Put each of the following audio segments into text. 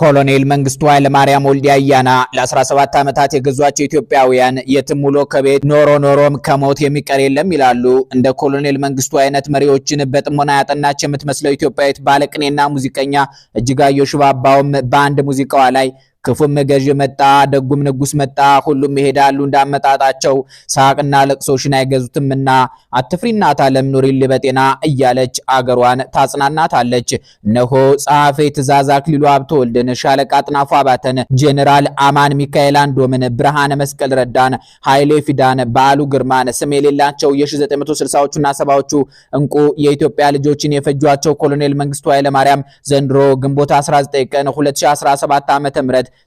ኮሎኔል መንግስቱ ኃይለማርያም ወልዴ አያና ለ17 ዓመታት የገዟቸው ኢትዮጵያውያን የትም ውሎ ከቤት ኖሮ ኖሮም ከሞት የሚቀር የለም ይላሉ። እንደ ኮሎኔል መንግስቱ አይነት መሪዎችን በጥሞና ያጠናች የምትመስለው ኢትዮጵያዊት ባለቅኔና ሙዚቀኛ እጅጋየሁ ሽባባውም በአንድ ሙዚቃዋ ላይ ክፉም ገዥ መጣ፣ ደጉም ንጉስ መጣ። ሁሉም ይሄዳሉ እንዳመጣጣቸው፣ ሳቅና ለቅሶሽን አይገዙትምና አትፍሪና ታለም ኑሪ ልበጤና እያለች አገሯን ታጽናናታለች። እነሆ ጸሐፌ ትእዛዝ አክሊሉ ሀብተወልድን፣ ሻለቃ አጥናፉ አባተን፣ ጄኔራል አማን ሚካኤል አንዶምን፣ ብርሃነ መስቀል ረዳን፣ ኃይሌ ፊዳን፣ በዓሉ ግርማን ስም የሌላቸው የ1960ዎቹና ሰባዎቹ እንቁ የኢትዮጵያ ልጆችን የፈጇቸው ኮሎኔል መንግስቱ ኃይለማርያም ዘንድሮ ግንቦት 19 ቀን 2017 ዓ.ም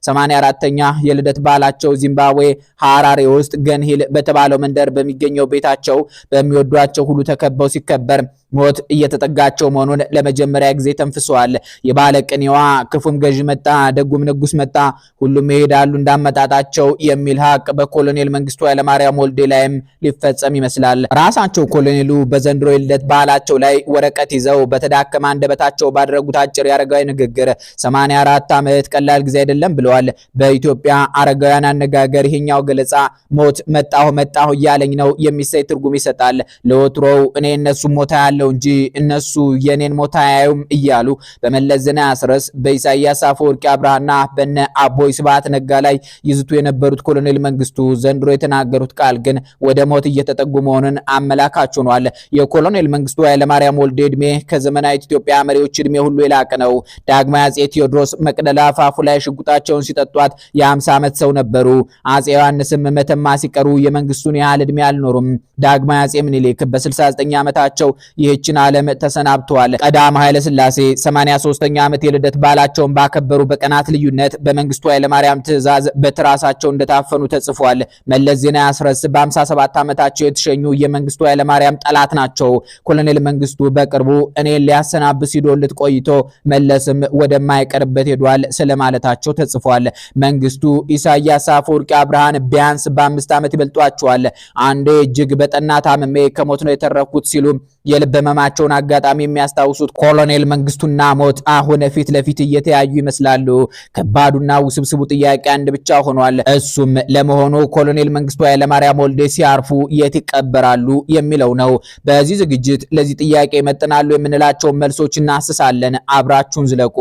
ሰማንያ አራተኛ የልደት በዓላቸው ዚምባብዌ ሃራሬ ውስጥ ገንሂል በተባለው መንደር በሚገኘው ቤታቸው በሚወዷቸው ሁሉ ተከበው ሲከበር ሞት እየተጠጋቸው መሆኑን ለመጀመሪያ ጊዜ ተንፍሰዋል። የባለ ቅኔዋ ክፉም ገዥ መጣ፣ ደጉም ንጉስ መጣ፣ ሁሉም ይሄዳሉ እንዳመጣጣቸው የሚል ሀቅ በኮሎኔል መንግስቱ ኃይለማርያም ወልዴ ላይም ሊፈጸም ይመስላል። ራሳቸው ኮሎኔሉ በዘንድሮ የልደት በዓላቸው ላይ ወረቀት ይዘው በተዳከመ አንደበታቸው ባደረጉት አጭር የአረጋዊ ንግግር 84 ዓመት ቀላል ጊዜ አይደለም ብለዋል። በኢትዮጵያ አረጋውያን አነጋገር ይሄኛው ገለጻ ሞት መጣሁ መጣሁ እያለኝ ነው የሚሰይ ትርጉም ይሰጣል። ለወትሮው እኔ እነሱ ሞታ ያለ ያለው እንጂ እነሱ የኔን ሞት አያዩም እያሉ በመለስ ዜናዊ አስረስ በኢሳያስ አፈወርቂ አብርሃና በነ አቦይ ስብሃት ነጋ ላይ ይዝቱ የነበሩት ኮሎኔል መንግስቱ ዘንድሮ የተናገሩት ቃል ግን ወደ ሞት እየተጠጉ መሆኑን አመላካች ሆኗል። የኮሎኔል መንግስቱ ኃይለማርያም ወልዴ እድሜ ከዘመናዊት ኢትዮጵያ መሪዎች እድሜ ሁሉ የላቀ ነው። ዳግማዊ አጼ ቴዎድሮስ መቅደላ አፋፉ ላይ ሽጉጣቸውን ሲጠጧት የ50 ዓመት ሰው ነበሩ። አጼ ዮሐንስም መተማ ሲቀሩ የመንግስቱን ያህል እድሜ አልኖሩም። ዳግማዊ አጼ ምኒልክ በ69 ዓመታቸው ይህችን ዓለም ተሰናብተዋል። ኃይለ ኃይለስላሴ 83ኛ ዓመት የልደት በዓላቸውን ባከበሩ በቀናት ልዩነት በመንግስቱ ኃይለማርያም ትእዛዝ በትራሳቸው እንደታፈኑ ተጽፏል። መለስ ዜናዊ አስረስ በ57 ዓመታቸው የተሸኙ የመንግስቱ ኃይለማርያም ጠላት ናቸው። ኮሎኔል መንግስቱ በቅርቡ እኔን ሊያሰናብ ሲዶልት ቆይቶ መለስም ወደማይቀርበት ሄዷል ስለማለታቸው ተጽፏል። መንግስቱ ኢሳያስ አፈወርቂ አብርሃን ቢያንስ በአምስት ዓመት ይበልጧቸዋል። አንዴ እጅግ በጠና ታምሜ ከሞት ነው የተረፍኩት ሲሉ የልበ መደመማቸውን አጋጣሚ የሚያስታውሱት ኮሎኔል መንግስቱና ሞት አሁን ፊት ለፊት እየተያዩ ይመስላሉ። ከባዱና ውስብስቡ ጥያቄ አንድ ብቻ ሆኗል። እሱም ለመሆኑ ኮሎኔል መንግስቱ ኃይለማርያም ወልዴ ሲያርፉ የት ይቀበራሉ የሚለው ነው። በዚህ ዝግጅት ለዚህ ጥያቄ መጥናሉ የምንላቸውን መልሶች እናስሳለን። አብራችሁን ዝለቁ።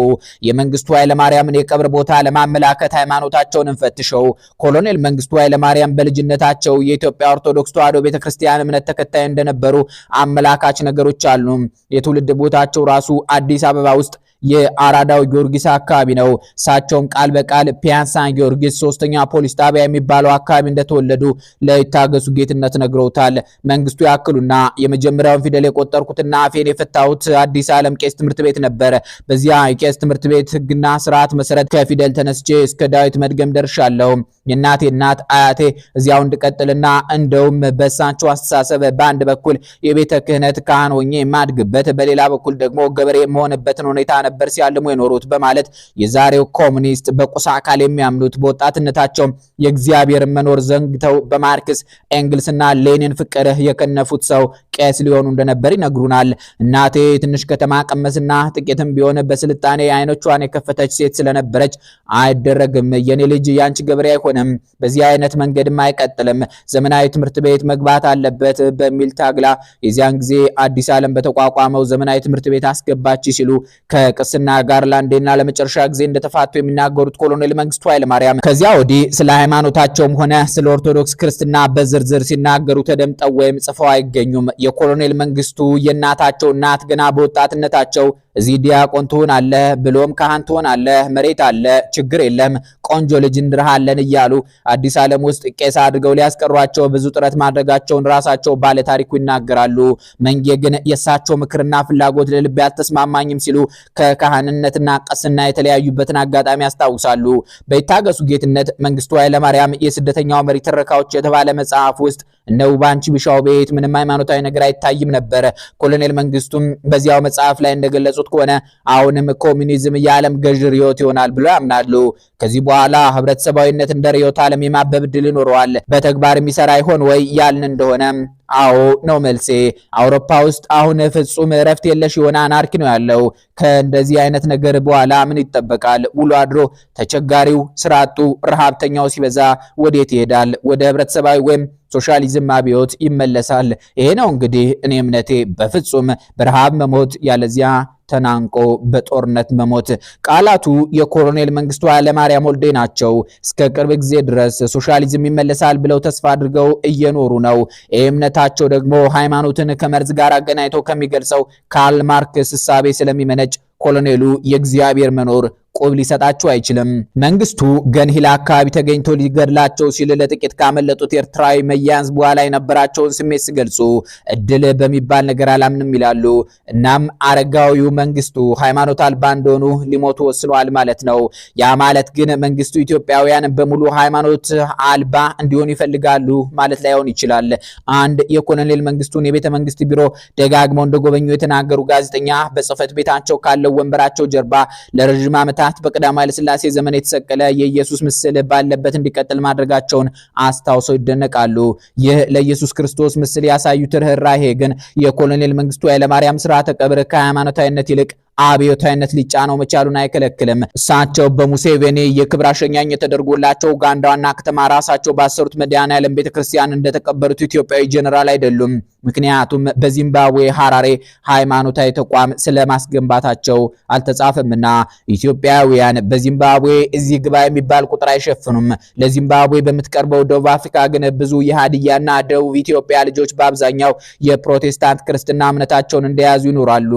የመንግስቱ ኃይለማርያምን የቀብር ቦታ ለማመላከት ሃይማኖታቸውን እንፈትሸው። ኮሎኔል መንግስቱ ኃይለማርያም በልጅነታቸው የኢትዮጵያ ኦርቶዶክስ ተዋሕዶ ቤተክርስቲያን እምነት ተከታይ እንደነበሩ አመላካች ነገሮች ነገሮች አሉ። የትውልድ ቦታቸው ራሱ አዲስ አበባ ውስጥ የአራዳው ጊዮርጊስ አካባቢ ነው። እሳቸውም ቃል በቃል ፒያንሳን ጊዮርጊስ ሶስተኛ ፖሊስ ጣቢያ የሚባለው አካባቢ እንደተወለዱ ለይታገሱ ጌትነት ነግረውታል። መንግስቱ ያክሉና የመጀመሪያውን ፊደል የቆጠርኩትና አፌን የፈታሁት አዲስ ዓለም ቄስ ትምህርት ቤት ነበር። በዚያ የቄስ ትምህርት ቤት ህግና ስርዓት መሰረት ከፊደል ተነስቼ እስከ ዳዊት መድገም ደርሻለሁ። የእናቴ እናት አያቴ እዚያው እንድቀጥልና እንደውም በእሳቸው አስተሳሰብ በአንድ በኩል የቤተ ክህነት ካህን ሆኜ የማድግበት፣ በሌላ በኩል ደግሞ ገበሬ የመሆንበትን ሁኔታ ነበር ሲያልሙ የኖሩት በማለት የዛሬው ኮሙኒስት በቁሳ አካል የሚያምኑት በወጣትነታቸው የእግዚአብሔር መኖር ዘንግተው በማርክስ ኤንግልስና ሌኒን ፍቅር የከነፉት ሰው ቄስ ሊሆኑ እንደነበር ይነግሩናል። እናቴ ትንሽ ከተማ ቀመስና ጥቂትም ቢሆን በስልጣኔ አይኖቿን የከፈተች ሴት ስለነበረች አይደረግም፣ የኔ ልጅ ያንቺ ገበሬ አይሆንም፣ በዚህ አይነት መንገድም አይቀጥልም፣ ዘመናዊ ትምህርት ቤት መግባት አለበት በሚል ታግላ የዚያን ጊዜ አዲስ ዓለም በተቋቋመው ዘመናዊ ትምህርት ቤት አስገባች ሲሉ ለቅስና ጋር ለመጨረሻ ጊዜ እንደተፋቱ የሚናገሩት ኮሎኔል መንግስቱ ኃይለማርያም ከዚያ ወዲህ ስለ ሃይማኖታቸውም ሆነ ስለ ኦርቶዶክስ ክርስትና በዝርዝር ሲናገሩ ተደምጠው ወይም ጽፈው አይገኙም። የኮሎኔል መንግስቱ የእናታቸው እናት ገና በወጣትነታቸው እዚህ ዲያቆን ትሆናለህ ብሎም ካህን ትሆናለህ መሬት አለ ችግር የለም ቆንጆ ልጅ እንድርሃለን እያሉ አዲስ ዓለም ውስጥ ቄስ አድርገው ሊያስቀሯቸው ብዙ ጥረት ማድረጋቸውን ራሳቸው ባለ ታሪኩ ይናገራሉ። መንጌ ግን የእሳቸው ምክርና ፍላጎት ለልቤ አልተስማማኝም ሲሉ ከካህንነትና ቅስና የተለያዩበትን አጋጣሚ ያስታውሳሉ። በይታገሱ ጌትነት መንግስቱ ኃይለማርያም የስደተኛው መሪ ትረካዎች የተባለ መጽሐፍ ውስጥ እነ ውባንቺ ቢሻው ቤት ምንም ሃይማኖታዊ ነገር አይታይም ነበር። ኮሎኔል መንግስቱም በዚያው መጽሐፍ ላይ እንደገለጹት ከሆነ አሁንም ኮሚኒዝም የዓለም ገዥ ርዕዮት ይሆናል ብሎ ያምናሉ። ከዚህ በኋላ ህብረተሰባዊነት እንደ ርዕዮተ ዓለም የማበብ ድል ይኖረዋል። በተግባር የሚሰራ ይሆን ወይ ያልን እንደሆነ አዎ ነው መልሴ። አውሮፓ ውስጥ አሁን ፍጹም እረፍት የለሽ የሆነ አናርኪ ነው ያለው። ከእንደዚህ አይነት ነገር በኋላ ምን ይጠበቃል? ውሎ አድሮ ተቸጋሪው፣ ስራ አጡ፣ ረሃብተኛው ሲበዛ ወዴት ይሄዳል? ወደ ህብረተሰባዊ ወይም ሶሻሊዝም አብዮት ይመለሳል። ይሄ ነው እንግዲህ እኔ እምነቴ። በፍጹም በረሃብ መሞት ያለዚያ ተናንቆ በጦርነት መሞት። ቃላቱ የኮሎኔል መንግስቱ ኃይለማርያም ወልዴ ናቸው። እስከ ቅርብ ጊዜ ድረስ ሶሻሊዝም ይመለሳል ብለው ተስፋ አድርገው እየኖሩ ነው። ይህ እምነታቸው ደግሞ ሃይማኖትን ከመርዝ ጋር አገናኝተው ከሚገልጸው ካርል ማርክስ እሳቤ ስለሚመነጭ ኮሎኔሉ የእግዚአብሔር መኖር ቁብ ሊሰጣቸው አይችልም። መንግስቱ ገንሂላ አካባቢ ተገኝቶ ሊገድላቸው ሲል ለጥቂት ካመለጡት ኤርትራዊ መያዝ በኋላ የነበራቸውን ስሜት ሲገልጹ እድል በሚባል ነገር አላምንም ይላሉ። እናም አረጋዊው መንግስቱ ሃይማኖት አልባ እንደሆኑ ሊሞቱ ወስኗል ማለት ነው። ያ ማለት ግን መንግስቱ ኢትዮጵያውያን በሙሉ ሃይማኖት አልባ እንዲሆኑ ይፈልጋሉ ማለት ላይሆን ይችላል። አንድ የኮሎኔል መንግስቱን የቤተ መንግስት ቢሮ ደጋግመው እንደጎበኙ የተናገሩ ጋዜጠኛ በጽህፈት ቤታቸው ካለው ወንበራቸው ጀርባ ለረዥም ዓመታት ካህናት በቀዳማዊ ኃይለ ሥላሴ ዘመን የተሰቀለ የኢየሱስ ምስል ባለበት እንዲቀጥል ማድረጋቸውን አስታውሰው ይደነቃሉ። ይህ ለኢየሱስ ክርስቶስ ምስል ያሳዩት ርኅራሄ ግን የኮሎኔል መንግስቱ ኃይለማርያም ስርዓተ ቀብር ከሃይማኖታዊነት ይልቅ አብዮታዊነት ሊጫነው መቻሉን አይከለክልም። እሳቸው በሙሴቬኒ የክብር አሸኛኝ የተደርጎላቸው ኡጋንዳ ዋና ከተማ ራሳቸው ባሰሩት መድኃኔዓለም ቤተክርስቲያን እንደተቀበሉት ኢትዮጵያዊ ጀኔራል አይደሉም። ምክንያቱም በዚምባብዌ ሐራሬ ሃይማኖታዊ ተቋም ስለማስገንባታቸው አልተጻፈምና ኢትዮጵያውያን በዚምባብዌ እዚህ ግባ የሚባል ቁጥር አይሸፍኑም። ለዚምባብዌ በምትቀርበው ደቡብ አፍሪካ ግን ብዙ የሃዲያና ደቡብ ኢትዮጵያ ልጆች በአብዛኛው የፕሮቴስታንት ክርስትና እምነታቸውን እንደያዙ ይኖራሉ።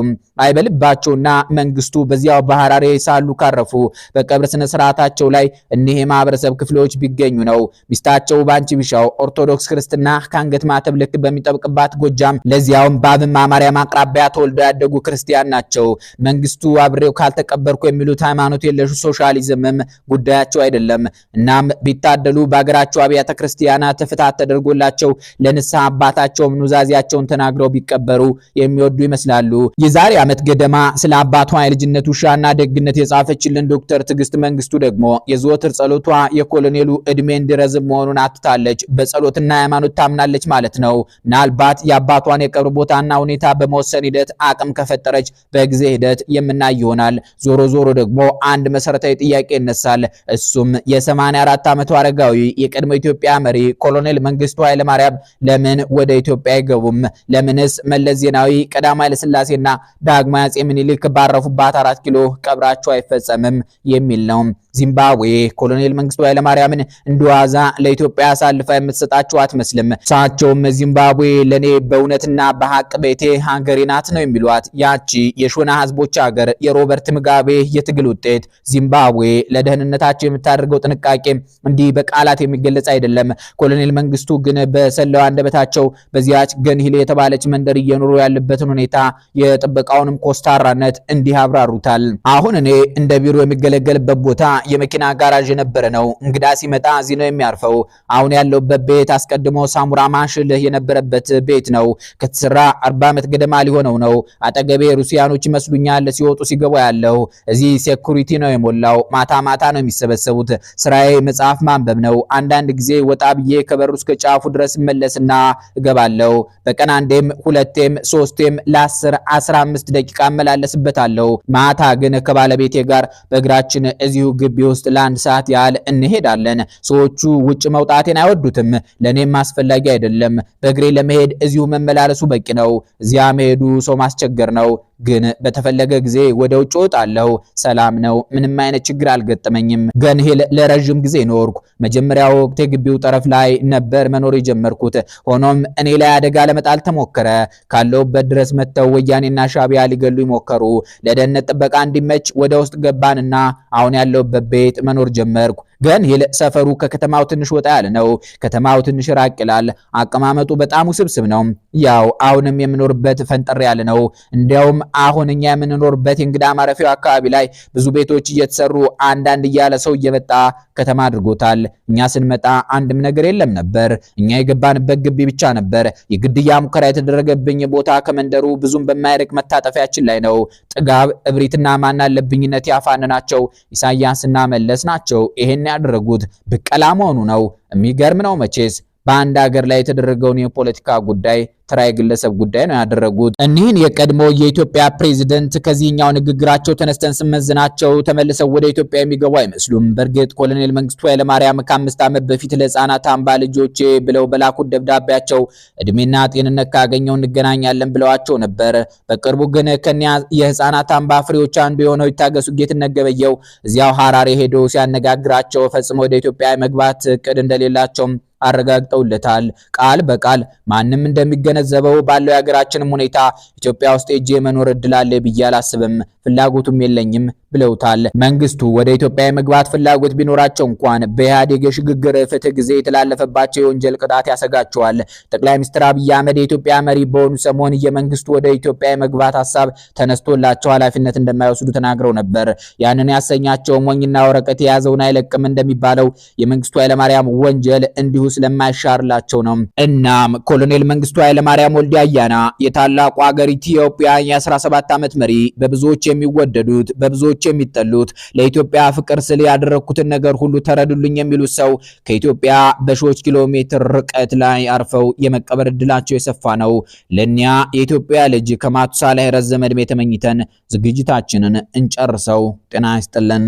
አይበልባቸውና መንግስቱ በዚያው በሐራሬ ሳሉ ካረፉ በቀብር ስነ ስርዓታቸው ላይ እኒህ የማህበረሰብ ክፍሎች ቢገኙ ነው። ሚስታቸው ባንቺ ቢሻው ኦርቶዶክስ ክርስትና ከአንገት ማተብ ልክ በሚጠብቅባት ጎጃም ለዚያውም በአብማ ማርያም አቅራቢያ ተወልደው ያደጉ ክርስቲያን ናቸው። መንግስቱ አብሬው ካልተቀበርኩ የሚሉት ሃይማኖት የለሹ ሶሻሊዝምም ጉዳያቸው አይደለም። እናም ቢታደሉ በሀገራቸው አብያተ ክርስቲያናት ፍትሐት ተደርጎላቸው ለንስሐ አባታቸውም ኑዛዜያቸውን ተናግረው ቢቀበሩ የሚወዱ ይመስላሉ። የዛሬ ዓመት ገደማ ስለ አባቷ የልጅነት ውሻና ደግነት የጻፈችልን ዶክተር ትዕግስት መንግስቱ ደግሞ የዘወትር ጸሎቷ የኮሎኔሉ እድሜ እንዲረዝም መሆኑን አትታለች። በጸሎትና ሃይማኖት ታምናለች ማለት ነው። ምናልባት የአባቷን የቀብር ቦታና ሁኔታ በመወሰን ሂደት አቅም ከፈጠረች በጊዜ ሂደት የምናይ ይሆናል። ዞሮ ዞሮ ደግሞ አንድ መሰረታዊ ጥያቄ ይነሳል። እሱም የ84 ዓመቱ አረጋዊ የቀድሞ ኢትዮጵያ መሪ ኮሎኔል መንግስቱ ኃይለማርያም ለምን ወደ ኢትዮጵያ አይገቡም? ለምንስ መለስ ዜናዊ፣ ቀዳማዊ ኃይለስላሴና ዳግማዊ አጼ ምኒልክ ባረፉባት አራት ኪሎ ቀብራቸው አይፈጸምም የሚል ነው። ዚምባብዌ ኮሎኔል መንግስቱ ኃይለማርያምን እንደዋዛ ለኢትዮጵያ አሳልፋ የምትሰጣቸው አትመስልም። እሳቸውም ዚምባብዌ ለኔ በእውነትና በሀቅ ቤቴ ሀገሬ ናት ነው የሚሏት። ያቺ የሾና ህዝቦች ሀገር የሮበርት ምጋቤ የትግል ውጤት ዚምባብዌ ለደህንነታቸው የምታደርገው ጥንቃቄ እንዲህ በቃላት የሚገለጽ አይደለም። ኮሎኔል መንግስቱ ግን በሰላው አንደበታቸው በዚያች ገንሂል የተባለች መንደር እየኖሩ ያለበትን ሁኔታ የጥበቃውንም ኮስታራነት እንዲህ አብራሩታል። አሁን እኔ እንደ ቢሮ የሚገለገልበት ቦታ የመኪና ጋራዥ የነበረ ነው። እንግዳ ሲመጣ እዚህ ነው የሚያርፈው። አሁን ያለውበት ቤት አስቀድሞ ሳሙራ ማሽልህ የነበረበት ቤት ነው። ከተሰራ አርባ ዓመት ገደማ ሊሆነው ነው። አጠገቤ ሩሲያኖች ይመስሉኛል ሲወጡ ሲገቡ ያለው። እዚህ ሴኩሪቲ ነው የሞላው። ማታ ማታ ነው የሚሰበሰቡት። ስራዬ መጽሐፍ ማንበብ ነው። አንዳንድ ጊዜ ወጣ ብዬ ከበሩ እስከ ጫፉ ድረስ መለስና እገባለሁ። በቀን አንዴም ሁለቴም ሶስቴም ለአስር አስራ አምስት ደቂቃ እመላለስበታለሁ። ማታ ግን ከባለቤቴ ጋር በእግራችን እዚሁ ግቢ ውስጥ ለአንድ ሰዓት ያህል እንሄዳለን። ሰዎቹ ውጭ መውጣቴን አይወዱትም። ለእኔም አስፈላጊ አይደለም። በእግሬ ለመሄድ እዚሁ መመላለሱ በቂ ነው። እዚያ መሄዱ ሰው ማስቸገር ነው። ግን በተፈለገ ጊዜ ወደ ውጭ ወጣለሁ። ሰላም ነው። ምንም አይነት ችግር አልገጠመኝም። ገንሂል ለረዥም ጊዜ ኖርኩ። መጀመሪያ ወቅት የግቢው ጠረፍ ላይ ነበር መኖር የጀመርኩት። ሆኖም እኔ ላይ አደጋ ለመጣል ተሞከረ። ካለውበት ድረስ መጥተው ወያኔና ሻቢያ ሊገሉ ይሞከሩ። ለደህንነት ጥበቃ እንዲመች ወደ ውስጥ ገባንና አሁን ያለውበት ቤት መኖር ጀመርኩ። ግን ይልቅ ሰፈሩ ከከተማው ትንሽ ወጣ ያለ ነው። ከተማው ትንሽ ራቅ ይላል። አቀማመጡ በጣም ውስብስብ ነው። ያው አሁንም የምኖርበት ፈንጠር ያለ ነው። እንዲያውም አሁን እኛ የምንኖርበት የእንግዳ ማረፊያው አካባቢ ላይ ብዙ ቤቶች እየተሰሩ አንዳንድ እያለ ሰው እየመጣ ከተማ አድርጎታል። እኛ ስንመጣ አንድም ነገር የለም ነበር። እኛ የገባንበት ግቢ ብቻ ነበር። የግድያ ሙከራ የተደረገብኝ ቦታ ከመንደሩ ብዙም በማይርቅ መታጠፊያችን ላይ ነው። ጥጋብ፣ እብሪትና ማናለብኝነት ያፋንናቸው ኢሳያስና መለስ ናቸው። ይሄን ያደረጉት ብቀላ መሆኑ ነው። የሚገርም ነው መቼስ በአንድ ሀገር ላይ የተደረገውን የፖለቲካ ጉዳይ ተራ የግለሰብ ጉዳይ ነው ያደረጉት። እኒህን የቀድሞ የኢትዮጵያ ፕሬዚደንት ከዚህኛው ንግግራቸው ተነስተን ስመዝናቸው ተመልሰው ወደ ኢትዮጵያ የሚገቡ አይመስሉም። በእርግጥ ኮሎኔል መንግስቱ ኃይለማርያም ከአምስት ዓመት በፊት ለህፃናት አምባ ልጆቼ ብለው በላኩት ደብዳቤያቸው እድሜና ጤንነት ካገኘው እንገናኛለን ብለዋቸው ነበር። በቅርቡ ግን ከኒያ የህፃናት አምባ ፍሬዎች አንዱ የሆነው ይታገሱ ጌትነት ገበየው እዚያው ሀራሬ ሄዶ ሲያነጋግራቸው ፈጽሞ ወደ ኢትዮጵያ መግባት እቅድ እንደሌላቸውም አረጋግጠውለታል። ቃል በቃል ማንም እንደሚገነ ስለምገነዘበው ባለው የሀገራችንም ሁኔታ ኢትዮጵያ ውስጥ ሄጄ የመኖር እድል አለ ብዬ አላስብም፣ ፍላጎቱም የለኝም። ብለውታል። መንግስቱ ወደ ኢትዮጵያ የመግባት ፍላጎት ቢኖራቸው እንኳን በኢህአዴግ የሽግግር ፍትህ ጊዜ የተላለፈባቸው የወንጀል ቅጣት ያሰጋቸዋል። ጠቅላይ ሚኒስትር አብይ አህመድ የኢትዮጵያ መሪ በሆኑ ሰሞን የመንግስቱ ወደ ኢትዮጵያ የመግባት ሀሳብ ተነስቶላቸው ኃላፊነት እንደማይወስዱ ተናግረው ነበር። ያንን ያሰኛቸው ሞኝና ወረቀት የያዘውን አይለቅም እንደሚባለው የመንግስቱ ኃይለማርያም ወንጀል እንዲሁ ስለማይሻርላቸው ነው። እናም ኮሎኔል መንግስቱ ኃይለማርያም ወልዲ አያና የታላቁ ሀገር ኢትዮጵያ የ17 ዓመት መሪ በብዙዎች የሚወደዱት በብዙዎች ሰዎች የሚጠሉት ለኢትዮጵያ ፍቅር ስል ያደረኩትን ነገር ሁሉ ተረዱልኝ የሚሉት ሰው ከኢትዮጵያ በሺዎች ኪሎ ሜትር ርቀት ላይ አርፈው የመቀበር እድላቸው የሰፋ ነው። ለእኒያ የኢትዮጵያ ልጅ ከማቱሳ ላይ ረዘመ ዕድሜ ተመኝተን ዝግጅታችንን እንጨርሰው። ጤና ይስጥልን።